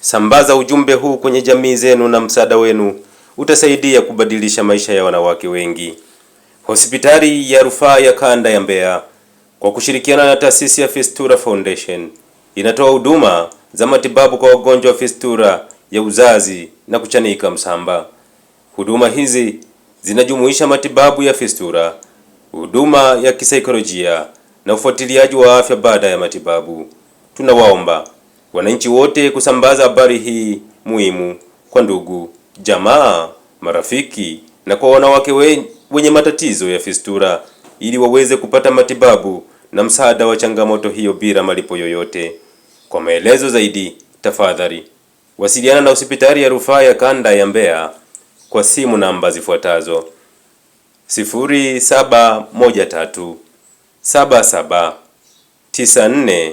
Sambaza ujumbe huu kwenye jamii zenu, na msaada wenu utasaidia kubadilisha maisha ya wanawake wengi. Hospitali ya Rufaa ya Kanda ya Mbeya kwa kushirikiana na taasisi ya Fistula Foundation inatoa huduma za matibabu kwa wagonjwa wa fistula ya uzazi na kuchanika msamba. Huduma hizi zinajumuisha matibabu ya fistula, huduma ya kisaikolojia na ufuatiliaji wa afya baada ya matibabu. Tunawaomba wananchi wote kusambaza habari hii muhimu kwa ndugu, jamaa, marafiki na kwa wanawake wenye matatizo ya fistula ili waweze kupata matibabu na msaada wa changamoto hiyo bila malipo yoyote. Kwa maelezo zaidi, tafadhali wasiliana na hospitali ya rufaa ya kanda ya Mbeya kwa simu namba zifuatazo: 0713 77 94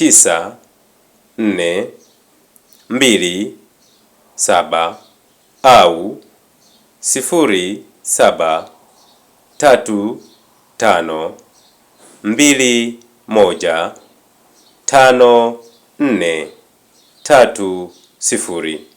tisa nne mbili saba au sifuri saba tatu tano mbili moja tano nne tatu sifuri.